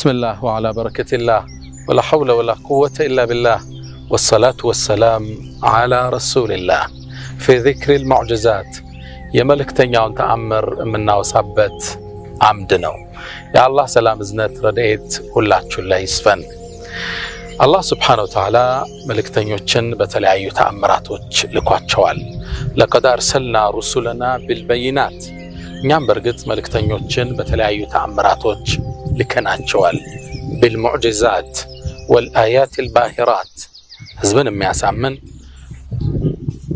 بسم الله وعلى بركة الله ولا حول ولا قوة إلا بالله والصلاة والسلام على رسول الله في ذكر المعجزات يا ملك تنيان تأمر منا وصبت عمدنا يا الله سلام زنت رديت ولا تشل يسفن الله سبحانه وتعالى ملك تشن تنيوتشن بتلعيو تأمراتوش لكواتشوال لقد أرسلنا رسلنا بالبينات نعم برقد ملك تشن تنيوتشن تأمرات تأمراتوش ልከናቸዋል። ቢልሙዕጅዛት ወልአያት ልባሂራት ህዝብን የሚያሳምን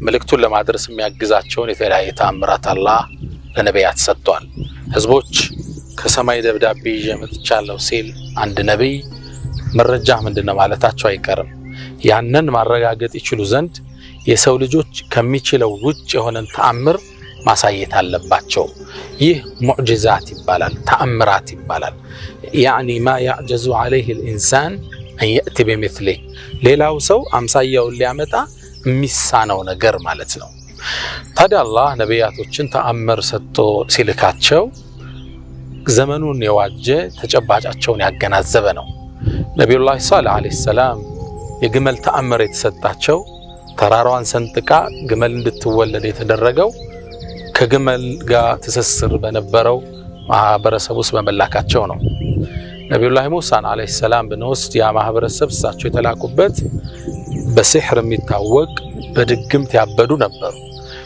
መልእክቱን ለማድረስ የሚያግዛቸውን የተለያየ ተአምራት አላህ ለነቢያት ሰጥቷል። ህዝቦች ከሰማይ ደብዳቤ ይዤ መጥቻለሁ ሲል አንድ ነቢይ መረጃ ምንድን ነው ማለታቸው አይቀርም። ያንን ማረጋገጥ ይችሉ ዘንድ የሰው ልጆች ከሚችለው ውጭ የሆነን ተአምር ማሳየት አለባቸው። ይህ ሙዕጅዛት ይባላል፣ ተአምራት ይባላል። ያዕኒ ማ ያዕጀዙ ዓለይህ ልኢንሳን አንየእቲ ቢምስሌ ሌላው ሰው አምሳያውን ሊያመጣ የሚሳነው ነገር ማለት ነው። ታዲያ አላህ ነቢያቶችን ተአምር ሰጥቶ ሲልካቸው ዘመኑን የዋጀ ተጨባጫቸውን ያገናዘበ ነው። ነቢዩላህ ሷሊህ ዓለይሂ ሰላም የግመል ተአምር የተሰጣቸው ተራራዋን ሰንጥቃ ግመል እንድትወለድ የተደረገው ከግመል ጋር ትስስር በነበረው ማህበረሰብ ውስጥ በመላካቸው ነው። ነቢዩላህ ሙሳን ዓለይሂ ሰላም ብንወስድ ያ ማህበረሰብ እሳቸው የተላኩበት በሲሕር የሚታወቅ በድግምት ያበዱ ነበሩ።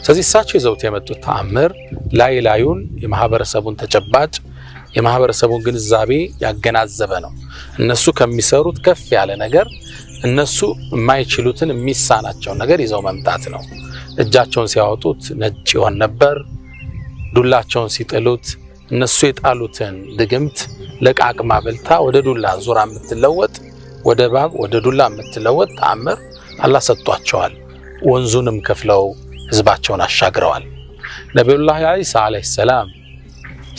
ስለዚህ እሳቸው ይዘውት የመጡት ተአምር ላይ ላዩን የማህበረሰቡን ተጨባጭ የማህበረሰቡን ግንዛቤ ያገናዘበ ነው። እነሱ ከሚሰሩት ከፍ ያለ ነገር እነሱ የማይችሉትን የሚሳናቸውን ነገር ይዘው መምጣት ነው። እጃቸውን ሲያወጡት ነጭ ይሆን ነበር። ዱላቸውን ሲጥሉት እነሱ የጣሉትን ድግምት ለቃቅማ በልታ ወደ ዱላ ዙራ የምትለወጥ ወደ እባብ ወደ ዱላ የምትለወጥ ተአምር አላህ ሰጥቷቸዋል። ወንዙንም ከፍለው ህዝባቸውን አሻግረዋል። ነቢዩላህ ዒሳ ዓለይሂ ሰላም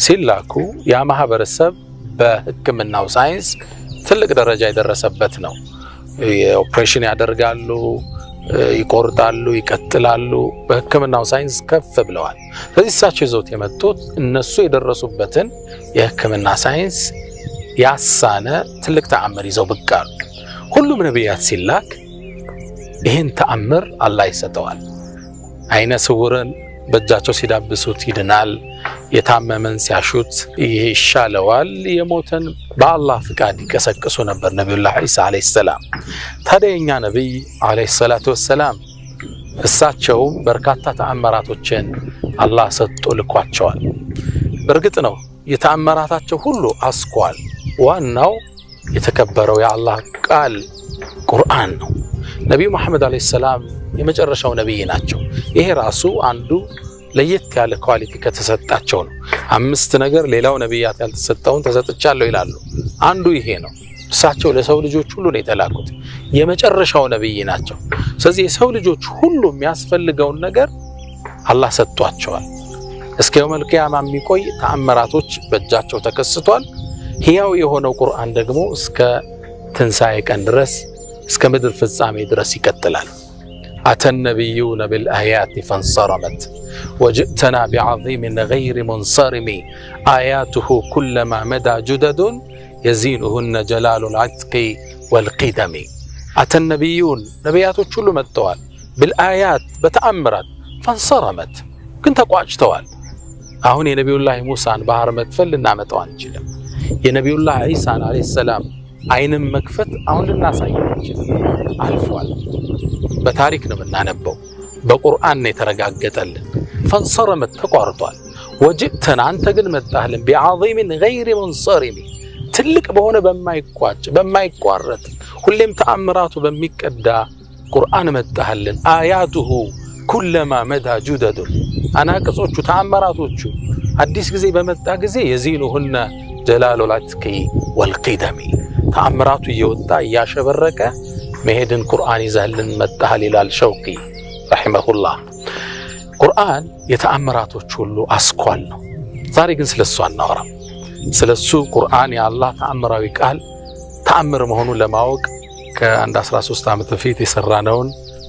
ሲላኩ ያ ማህበረሰብ በህክምናው ሳይንስ ትልቅ ደረጃ የደረሰበት ነው። ኦፕሬሽን ያደርጋሉ፣ ይቆርጣሉ፣ ይቀጥላሉ። በህክምናው ሳይንስ ከፍ ብለዋል። ስለዚህ እሳቸው ይዘውት የመጡት እነሱ የደረሱበትን የህክምና ሳይንስ ያሳነ ትልቅ ተአምር ይዘው ብቅ አሉ። ሁሉም ነቢያት ሲላክ ይህን ተአምር አላህ ይሰጠዋል። አይነ ስውርን በእጃቸው ሲዳብሱት ይድናል፣ የታመመን ሲያሹት ይሄ ይሻለዋል፣ የሞተን በአላህ ፍቃድ ይቀሰቅሱ ነበር ነቢዩላህ ዒሳ ዓለይሂ ሰላም። ታዲያ የኛ ነቢይ ዓለይሂ ሰላቱ ወሰላም እሳቸው በርካታ ተአምራቶችን አላህ ሰጥቶ ልኳቸዋል። በእርግጥ ነው የተአምራታቸው ሁሉ አስኳል ዋናው የተከበረው የአላህ ቃል ቁርአን ነው። ነቢዩ መሐመድ ዓለይሂ ሰላም የመጨረሻው ነቢይ ናቸው። ይሄ ራሱ አንዱ ለየት ያለ ኳሊቲ ከተሰጣቸው ነው። አምስት ነገር ሌላው ነቢያት ያልተሰጠውን ተሰጥቻለሁ ይላሉ። አንዱ ይሄ ነው። እሳቸው ለሰው ልጆች ሁሉ ነው የተላኩት፣ የመጨረሻው ነቢይ ናቸው። ስለዚህ የሰው ልጆች ሁሉ የሚያስፈልገውን ነገር አላህ ሰጥቷቸዋል። እስከ የውመል ቂያማ የሚቆይ ተአምራቶች በእጃቸው ተከስቷል። ሕያው የሆነው ቁርአን ደግሞ እስከ ትንሣኤ ቀን ድረስ اسكا مدر فزامي درسي كتلال أتى النبيون بالآيات فانصرمت وجئتنا بعظيم غير منصرم آياته كلما مدى جدد يزينهن جلال العتق والقدم أتى النبيون نبيات كل التوال بالآيات بتأمرت فانصرمت كنت أقواج توال هنا نبي الله موسى عن بحر مدفل النعمة عن جلم يا نبي الله عيسى عليه السلام አይንም መክፈት አሁን ልናሳየው አልፏል። በታሪክ ነው የምናነበው፣ በቁርአን ነው የተረጋገጠልን። ፈንሰረመት ተቋርጧል። ወጅእተና አንተ ግን መጣህልን ቢዓዚሚን ገይሪ መንሰሪሚ ትልቅ በሆነ በማይቋጭ በማይቋረጥ ሁሌም ተአምራቱ በሚቀዳ ቁርአን መጣህልን። አያቱሁ ኩለማ መዳ ጁደዱ አናቅጾቹ ተአምራቶቹ አዲስ ጊዜ በመጣ ጊዜ የዚኑ ሁነ ጀላሎላትኪ ወልቂደሚ ተአምራቱ እየወጣ እያሸበረቀ መሄድን ቁርአን ይዘህልን መጣሃል ይላል ሸውቂ ረሒመሁላህ። ቁርአን የተአምራቶች ሁሉ አስኳል ነው። ዛሬ ግን ስለ እሱ አናወራም። ስለ እሱ ቁርአን የአላህ ተአምራዊ ቃል ተአምር መሆኑን ለማወቅ ከአንድ 13 ዓመት በፊት የሰራነውን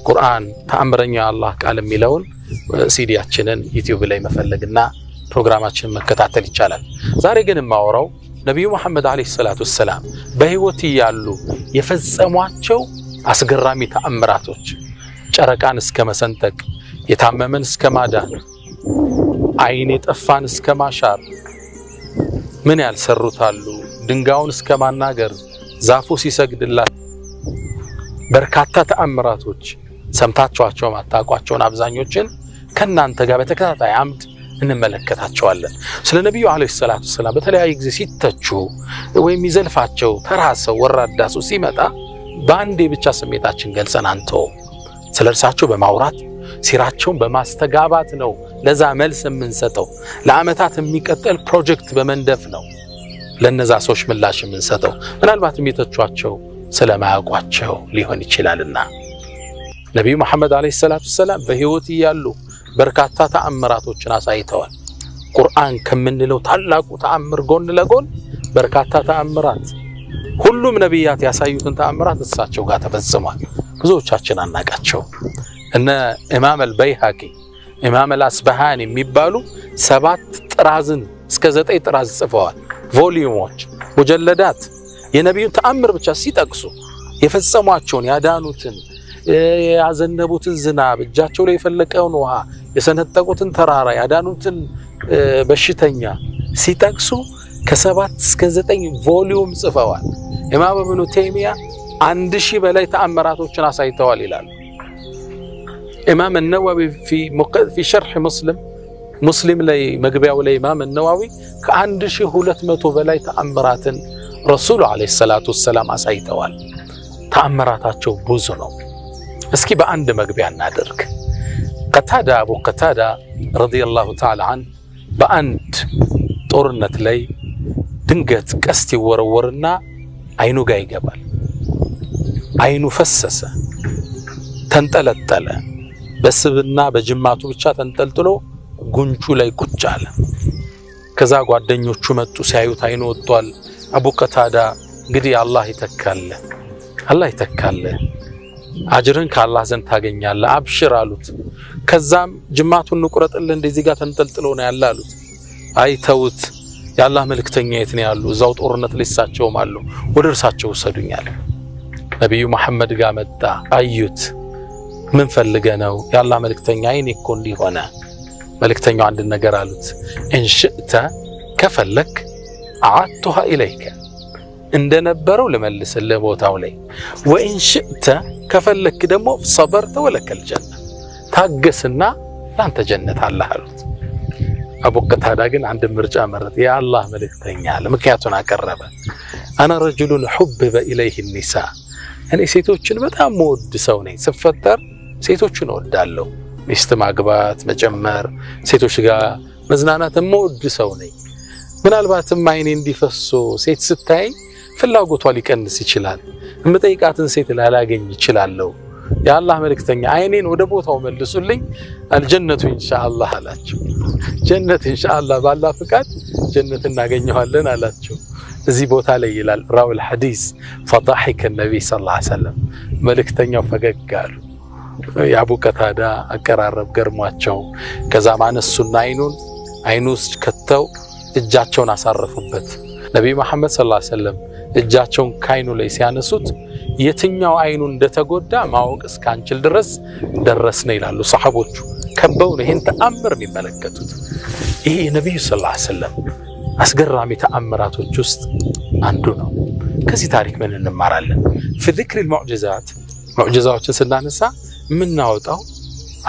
ቁርአን ተአምረኛ የአላህ ቃል የሚለውን ሲዲያችንን ዩቲዩብ ላይ መፈለግና ፕሮግራማችንን መከታተል ይቻላል። ዛሬ ግን የማወራው ነቢዩ መሐመድ ዓለይሂ ሰላቱ ወሰላም በህይወት እያሉ የፈጸሟቸው አስገራሚ ተአምራቶች ጨረቃን እስከ መሰንጠቅ፣ የታመመን እስከ ማዳን፣ አይን የጠፋን እስከ ማሻር ምን ያልሰሩታሉ? ድንጋዩን እስከ ማናገር፣ ዛፉ ሲሰግድላት፣ በርካታ ተአምራቶች ሰምታችኋቸው ማታውቋቸውን አብዛኞችን ከእናንተ ጋር በተከታታይ አምድ እንመለከታቸዋለን። ስለ ነቢዩ ዓለይሂ ሰላቱ ሰላም በተለያየ ጊዜ ሲተቹ ወይም ይዘልፋቸው ተራ ሰው ወራዳ ሰው ሲመጣ በአንዴ ብቻ ስሜታችን ገልጸን አንቶ ስለ እርሳቸው በማውራት ሲራቸውን በማስተጋባት ነው ለዛ መልስ የምንሰጠው። ለአመታት የሚቀጠል ፕሮጀክት በመንደፍ ነው ለነዛ ሰዎች ምላሽ የምንሰጠው። ምናልባትም የተቿቸው ስለማያውቋቸው ሊሆን ይችላልና ነቢዩ መሐመድ ዓለይሂ ሰላቱ ሰላም በህይወት እያሉ በርካታ ተአምራቶችን አሳይተዋል። ቁርአን ከምንለው ታላቁ ተአምር ጎን ለጎን በርካታ ተአምራት ሁሉም ነቢያት ያሳዩትን ተአምራት እሳቸው ጋር ተፈጽሟል። ብዙዎቻችን አናቃቸው። እነ ኢማም አልበይሃቂ ኢማም አልአስበሃን የሚባሉ ሰባት ጥራዝን እስከ ዘጠኝ ጥራዝ ጽፈዋል። ቮሊዩሞች፣ ሙጀለዳት የነቢዩን ተአምር ብቻ ሲጠቅሱ የፈጸሟቸውን ያዳኑትን ያዘነቡትን ዝናብ እጃቸው ላይ የፈለቀውን ውሃ የሰነጠቁትን ተራራ ያዳኑትን በሽተኛ ሲጠቅሱ ከሰባት እስከ ዘጠኝ ቮሊዩም ጽፈዋል። ኢማም ኢብኑ ቴሚያ አንድ ሺህ በላይ ተአምራቶችን አሳይተዋል ይላሉ። ኢማም ነዋዊ ፊ ሸርሕ ሙስሊም ሙስሊም ላይ መግቢያው ላይ ኢማም ነዋዊ ከአንድ ሺህ ሁለት መቶ በላይ ተአምራትን ረሱሉ ዓለይሂ ሰላቱ ወሰላም አሳይተዋል። ተአምራታቸው ብዙ ነው። እስኪ በአንድ መግቢያ እናደርግ። ቀታዳ አቡ ቀታዳ ረዲየላሁ ተዓላ አን በአንድ ጦርነት ላይ ድንገት ቀስት ይወረወርና አይኑ ጋር ይገባል። አይኑ ፈሰሰ፣ ተንጠለጠለ። በስብና በጅማቱ ብቻ ተንጠልጥሎ ጉንጩ ላይ ቁጭ አለ። ከዛ ጓደኞቹ መጡ፣ ሲያዩት አይኑ ወጥቷል። አቡ ቀታዳ እንግዲህ አላህ ይተካለ አላህ ይተካልህ፣ አጅርን ከአላህ ዘንድ ታገኛለ አብሽር አሉት። ከዛም ጅማቱን እንቁረጥልህ እንደዚህ ጋር ተንጠልጥሎ ነው ያለ አሉት። አይተውት የአላህ መልክተኛ የት ነው ያሉ? እዛው ጦርነት ላይ እሳቸውም አሉ። ወደ እርሳቸው ውሰዱኝ ነቢዩ መሐመድ ጋር መጣ። አዩት። ምን ፈልገ ነው? የአላህ መልክተኛ አይኔ እኮ እንዲሆነ መልክተኛው አንድ ነገር አሉት። እንሽእተ ከፈለክ አዓድቱሃ ኢለይከ እንደነበረው ልመልስልህ ቦታው ላይ ወእንሽእተ ከፈለክ ደግሞ ሰበርተ ወለከል ጀነ ታገስና ላንተ ጀነት አላህ አሉት። አቡ ቀታዳ ግን አንድ ምርጫ መረጥ። የአላህ መልእክተኛ ምክንያቱን አቀረበ። አና ረጁሉን ሑብበ ኢለይህ ኒሳ፣ እኔ ሴቶችን በጣም መወድ ሰው ነኝ። ስፈጠር ሴቶችን እወዳለሁ። ሚስት ማግባት፣ መጨመር፣ ሴቶች ጋር መዝናናት መወድ ሰው ነኝ። ምናልባትም አይኔ እንዲፈሶ ሴት ስታይ ፍላጎቷ ሊቀንስ ይችላል። የምጠይቃትን ሴት ላላገኝ ይችላለሁ። የአላህ መልእክተኛ አይኔን ወደ ቦታው መልሱልኝ፣ አልጀነቱ ኢንሻአላህ አላቸው። ጀነት ኢንሻአላህ ባላህ ፍቃድ ጀነት እናገኘዋለን አላቸው። እዚህ ቦታ ላይ ይላል ራውል ሐዲስ ፈዳሒከ ነቢይ ሰለላሁ ዐለይሂ ወሰለም መልእክተኛው ፈገግ አሉ። የአቡ ቀታዳ አቀራረብ ገርሟቸው፣ ከዛም አነሱና አይኑን አይኑ ውስጥ ከተው እጃቸውን አሳረፉበት። ነቢይ መሐመድ ሰለላሁ ዐለይሂ ወሰለም እጃቸውን ከአይኑ ላይ ሲያነሱት የትኛው አይኑ እንደተጎዳ ማወቅ እስካንችል ድረስ ደረስነ ይላሉ ሰሐቦቹ። ከበውን ይህን ተአምር የሚመለከቱት ይሄ የነቢዩ ሰለላሁ ዐለይሂ ወሰለም አስገራሚ ተአምራቶች ውስጥ አንዱ ነው። ከዚህ ታሪክ ምን እንማራለን? ፊ ዚክሪል ሙዕጅዛዎችን ስናነሳ የምናወጣው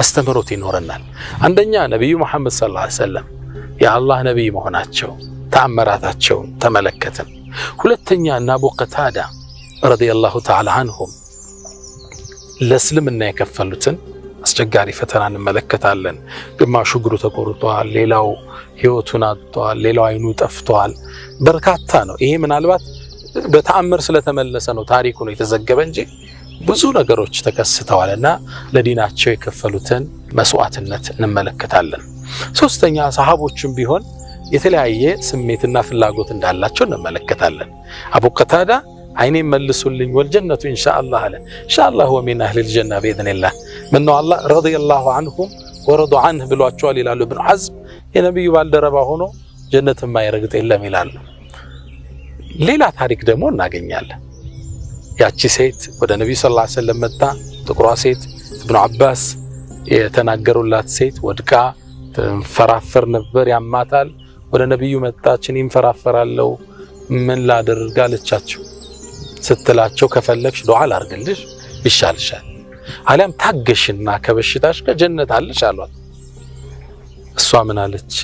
አስተምህሮት ይኖረናል። አንደኛ ነቢዩ መሐመድ ሰለላሁ ዐለይሂ ወሰለም የአላህ ነቢይ መሆናቸው ተአምራታቸውን ተመለከትን። ሁለተኛ እና አቡ ቀታዳ ረዲየላሁ ተዓላ አንሁም ለእስልምና የከፈሉትን አስቸጋሪ ፈተና እንመለከታለን። ግማሹ እግሩ ተቆርጧል፣ ሌላው ህይወቱን አጥቷል፣ ሌላው አይኑ ጠፍቷል። በርካታ ነው። ይሄ ምናልባት በተአምር ስለተመለሰ ነው ታሪኩ ነው የተዘገበ እንጂ ብዙ ነገሮች ተከስተዋል እና ለዲናቸው የከፈሉትን መስዋዕትነት እንመለከታለን። ሶስተኛ ሰሃቦችም ቢሆን የተለያየ ስሜትና ፍላጎት እንዳላቸው እንመለከታለን። አቡ ቀታዳ አይኔም መልሱልኝ ወልጀነቱ ኢንሻአላህ አለ ኢንሻአላህ ወሚን አህሊል ጀና ቢኢዝኒላህ ምነው አላህ ረዲየላሁ አንሁም ወረዱ አንህ ብሏቸዋል ይላሉ ኢብኑ ሐዝም የነቢዩ ባልደረባ ሆኖ ጀነት የማይረግጥ የለም ይላሉ ሌላ ታሪክ ደግሞ እናገኛለን ያቺ ሴት ወደ ነቢዩ ሰለላሁ ዐለይሂ ወሰለም መጣ ጥቁሯ ሴት ኢብኑ አባስ የተናገሩላት ሴት ወድቃ ትንፈራፈር ነበር ያማታል ወደ ነቢዩ መጣች እኔ እንፈራፈራለሁ ምን ላድርግ አለቻቸው ስትላቸው ከፈለግሽ ዱዓ ላድርግልሽ ይሻልሻል፣ አሊያም ታገሽና ከበሽታሽ ጋር ጀነት አለሽ አሏት። እሷ ምን አለች?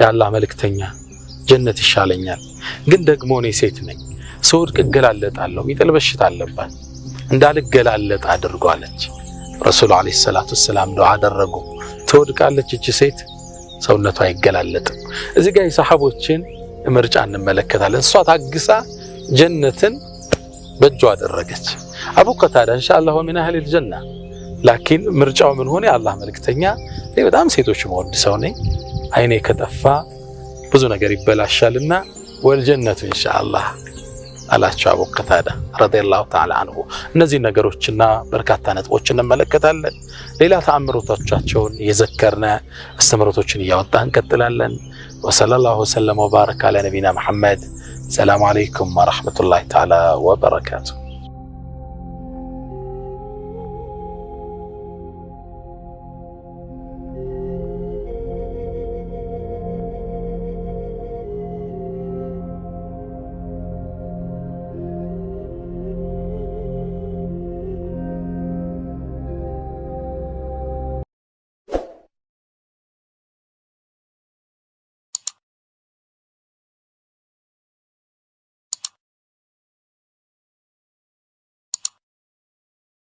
የአላህ መልእክተኛ ጀነት ይሻለኛል፣ ግን ደግሞ እኔ ሴት ነኝ፣ ስወድቅ እገላለጣለሁ፣ ሚጥል በሽታ አለባት፣ እንዳልገላለጥ አድርጎ አለች። ረሱሉ ዓለይሂ ሰላቱ ወሰላም ዱዓ አደረጉ። ትወድቃለች እቺ ሴት ሰውነቷ አይገላለጥም። እዚህ ጋር የሰሐቦችን ምርጫ እንመለከታለን። እሷ ታግሳ ጀነትን በእጇ አደረገች። አቡ ቀታዳ ኢንሻአላህ ወሚን አህሊል ጀና ላኪን ምርጫው ምን ሆነ? የአላህ መልክተኛ እኔ በጣም ሴቶች መወድ ሰው ነኝ፣ አይኔ ከጠፋ ብዙ ነገር ይበላሻልና ወልጀነቱ ኢንሻአላህ አላቸው። አቡ ቀታዳ ረዲየላሁ ተዓላ አንሁ። እነዚህ ነገሮችና በርካታ ነጥቦች እንመለከታለን። ሌላ ተአምሮቶቻቸውን እየዘከርነ አስተምሮቶችን እያወጣ እንቀጥላለን። ወሰለላሁ ወሰለም ወባረከ አለ ነቢና መሐመድ السلام عليكم ورحمه الله تعالى وبركاته